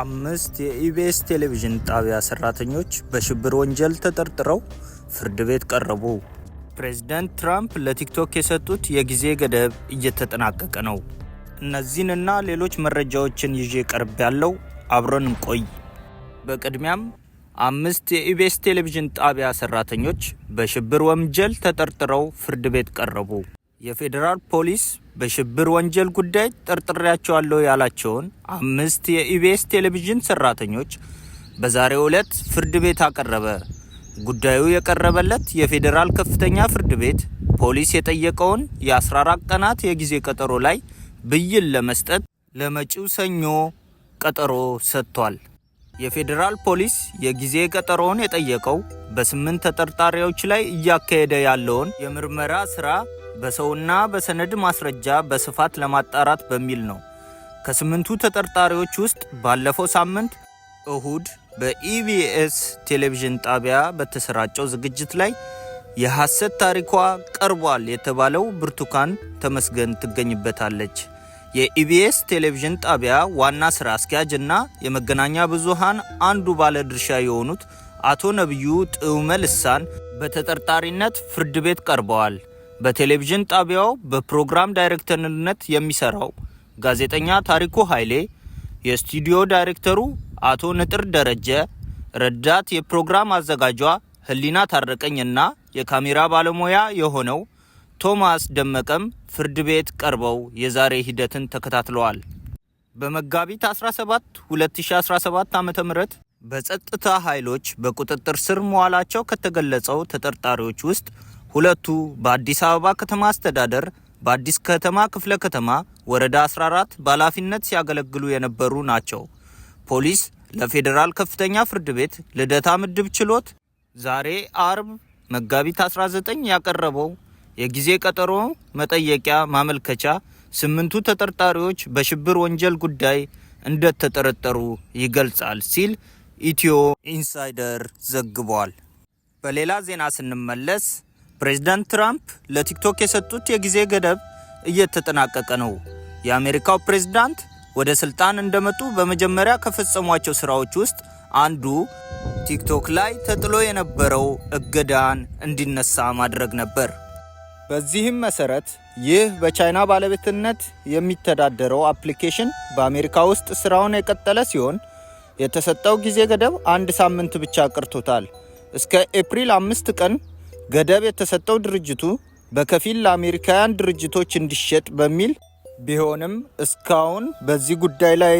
አምስት የኢቢኤስ ቴሌቪዥን ጣቢያ ሰራተኞች በሽብር ወንጀል ተጠርጥረው ፍርድ ቤት ቀረቡ። ፕሬዝደንት ትራምፕ ለቲክቶክ የሰጡት የጊዜ ገደብ እየተጠናቀቀ ነው። እነዚህንና ሌሎች መረጃዎችን ይዤ ቀርብ ያለው አብረን እንቆይ። በቅድሚያም አምስት የኢቢኤስ ቴሌቪዥን ጣቢያ ሰራተኞች በሽብር ወንጀል ተጠርጥረው ፍርድ ቤት ቀረቡ። የፌዴራል ፖሊስ በሽብር ወንጀል ጉዳይ ጠርጥሬያቸዋለሁ ያላቸውን አምስት የኢቢኤስ ቴሌቪዥን ሰራተኞች በዛሬው ዕለት ፍርድ ቤት አቀረበ። ጉዳዩ የቀረበለት የፌዴራል ከፍተኛ ፍርድ ቤት ፖሊስ የጠየቀውን የ14 ቀናት የጊዜ ቀጠሮ ላይ ብይን ለመስጠት ለመጪው ሰኞ ቀጠሮ ሰጥቷል። የፌዴራል ፖሊስ የጊዜ ቀጠሮውን የጠየቀው በስምንት ተጠርጣሪዎች ላይ እያካሄደ ያለውን የምርመራ ስራ በሰውና በሰነድ ማስረጃ በስፋት ለማጣራት በሚል ነው። ከስምንቱ ተጠርጣሪዎች ውስጥ ባለፈው ሳምንት እሁድ በኢቢኤስ ቴሌቪዥን ጣቢያ በተሰራጨው ዝግጅት ላይ የሐሰት ታሪኳ ቀርቧል የተባለው ብርቱካን ተመስገን ትገኝበታለች። የኢቢኤስ ቴሌቪዥን ጣቢያ ዋና ሥራ አስኪያጅ እና የመገናኛ ብዙሃን አንዱ ባለድርሻ የሆኑት አቶ ነቢዩ ጥዑመ ልሳን በተጠርጣሪነት ፍርድ ቤት ቀርበዋል። በቴሌቪዥን ጣቢያው በፕሮግራም ዳይሬክተርነት የሚሰራው ጋዜጠኛ ታሪኩ ኃይሌ፣ የስቱዲዮ ዳይሬክተሩ አቶ ንጥር ደረጀ፣ ረዳት የፕሮግራም አዘጋጇ ህሊና ታረቀኝና የካሜራ ባለሙያ የሆነው ቶማስ ደመቀም ፍርድ ቤት ቀርበው የዛሬ ሂደትን ተከታትለዋል። በመጋቢት 17 2017 ዓ.ም በጸጥታ ኃይሎች በቁጥጥር ስር መዋላቸው ከተገለጸው ተጠርጣሪዎች ውስጥ ሁለቱ በአዲስ አበባ ከተማ አስተዳደር በአዲስ ከተማ ክፍለ ከተማ ወረዳ 14 በኃላፊነት ሲያገለግሉ የነበሩ ናቸው። ፖሊስ ለፌዴራል ከፍተኛ ፍርድ ቤት ልደታ ምድብ ችሎት ዛሬ አርብ መጋቢት 19 ያቀረበው የጊዜ ቀጠሮ መጠየቂያ ማመልከቻ ስምንቱ ተጠርጣሪዎች በሽብር ወንጀል ጉዳይ እንደተጠረጠሩ ይገልጻል ሲል ኢትዮ ኢንሳይደር ዘግቧል። በሌላ ዜና ስንመለስ ፕሬዝዳንት ትራምፕ ለቲክቶክ የሰጡት የጊዜ ገደብ እየተጠናቀቀ ነው። የአሜሪካው ፕሬዝዳንት ወደ ስልጣን እንደመጡ በመጀመሪያ ከፈጸሟቸው ስራዎች ውስጥ አንዱ ቲክቶክ ላይ ተጥሎ የነበረው እገዳን እንዲነሳ ማድረግ ነበር። በዚህም መሰረት ይህ በቻይና ባለቤትነት የሚተዳደረው አፕሊኬሽን በአሜሪካ ውስጥ ስራውን የቀጠለ ሲሆን የተሰጠው ጊዜ ገደብ አንድ ሳምንት ብቻ ቀርቶታል። እስከ ኤፕሪል አምስት ቀን ገደብ የተሰጠው ድርጅቱ በከፊል ለአሜሪካውያን ድርጅቶች እንዲሸጥ በሚል ቢሆንም እስካሁን በዚህ ጉዳይ ላይ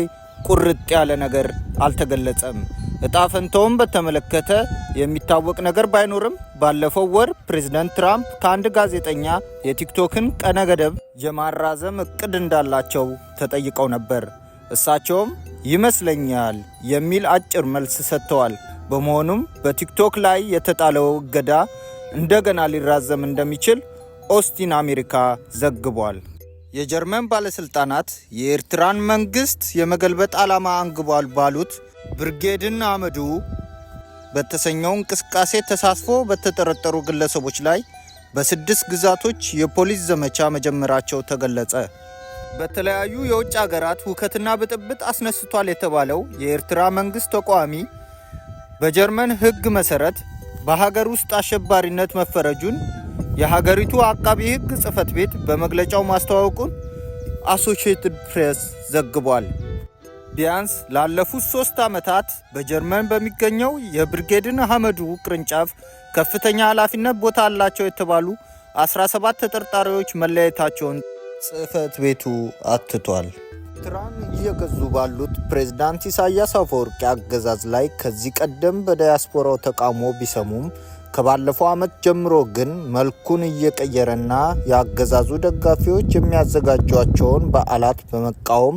ቁርጥ ያለ ነገር አልተገለጸም። እጣ ፈንታውን በተመለከተ የሚታወቅ ነገር ባይኖርም ባለፈው ወር ፕሬዝደንት ትራምፕ ከአንድ ጋዜጠኛ የቲክቶክን ቀነ ገደብ የማራዘም እቅድ እንዳላቸው ተጠይቀው ነበር። እሳቸውም ይመስለኛል የሚል አጭር መልስ ሰጥተዋል። በመሆኑም በቲክቶክ ላይ የተጣለው እገዳ እንደገና ሊራዘም እንደሚችል ኦስቲን አሜሪካ ዘግቧል። የጀርመን ባለስልጣናት የኤርትራን መንግስት የመገልበጥ ዓላማ አንግቧል ባሉት ብርጌድን አመዱ በተሰኘው እንቅስቃሴ ተሳትፎ በተጠረጠሩ ግለሰቦች ላይ በስድስት ግዛቶች የፖሊስ ዘመቻ መጀመራቸው ተገለጸ። በተለያዩ የውጭ አገራት ሁከትና ብጥብጥ አስነስቷል የተባለው የኤርትራ መንግስት ተቃዋሚ በጀርመን ሕግ መሰረት በሀገር ውስጥ አሸባሪነት መፈረጁን የሀገሪቱ አቃቢ ሕግ ጽህፈት ቤት በመግለጫው ማስተዋወቁን አሶሺየትድ ፕሬስ ዘግቧል። ቢያንስ ላለፉት ሶስት ዓመታት በጀርመን በሚገኘው የብርጌድን ሐመዱ ቅርንጫፍ ከፍተኛ ኃላፊነት ቦታ አላቸው የተባሉ 17 ተጠርጣሪዎች መለየታቸውን ጽህፈት ቤቱ አትቷል። ኤርትራን እየገዙ ባሉት ፕሬዝዳንት ኢሳያስ አፈወርቂ አገዛዝ ላይ ከዚህ ቀደም በዳያስፖራው ተቃውሞ ቢሰሙም ከባለፈው ዓመት ጀምሮ ግን መልኩን እየቀየረና የአገዛዙ ደጋፊዎች የሚያዘጋጇቸውን በዓላት በመቃወም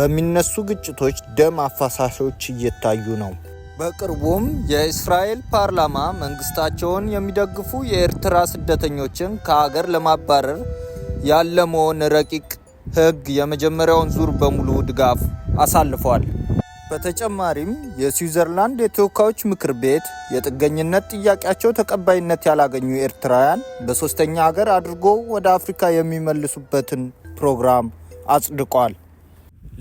በሚነሱ ግጭቶች ደም አፋሳሾች እየታዩ ነው። በቅርቡም የእስራኤል ፓርላማ መንግስታቸውን የሚደግፉ የኤርትራ ስደተኞችን ከሀገር ለማባረር ያለመሆን ረቂቅ ህግ የመጀመሪያውን ዙር በሙሉ ድጋፍ አሳልፏል። በተጨማሪም የስዊዘርላንድ የተወካዮች ምክር ቤት የጥገኝነት ጥያቄያቸው ተቀባይነት ያላገኙ ኤርትራውያን በሶስተኛ ሀገር አድርጎ ወደ አፍሪካ የሚመልሱበትን ፕሮግራም አጽድቋል።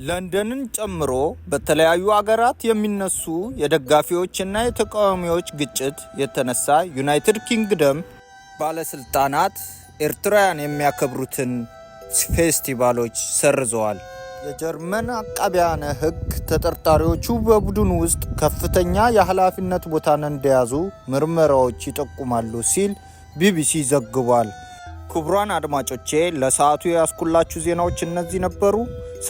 ለንደንን ጨምሮ በተለያዩ አገራት የሚነሱ የደጋፊዎችና የተቃዋሚዎች ግጭት የተነሳ ዩናይትድ ኪንግደም ባለስልጣናት ኤርትራውያን የሚያከብሩትን ፌስቲቫሎች ሰርዘዋል። የጀርመን አቃቢያነ ሕግ ተጠርጣሪዎቹ በቡድኑ ውስጥ ከፍተኛ የኃላፊነት ቦታን እንደያዙ ምርመራዎች ይጠቁማሉ ሲል ቢቢሲ ዘግቧል። ክቡራን አድማጮቼ ለሰዓቱ ያስኩላችሁ ዜናዎች እነዚህ ነበሩ።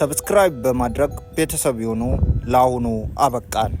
ሰብስክራይብ በማድረግ ቤተሰብ ይሁኑ። ለአሁኑ አበቃን።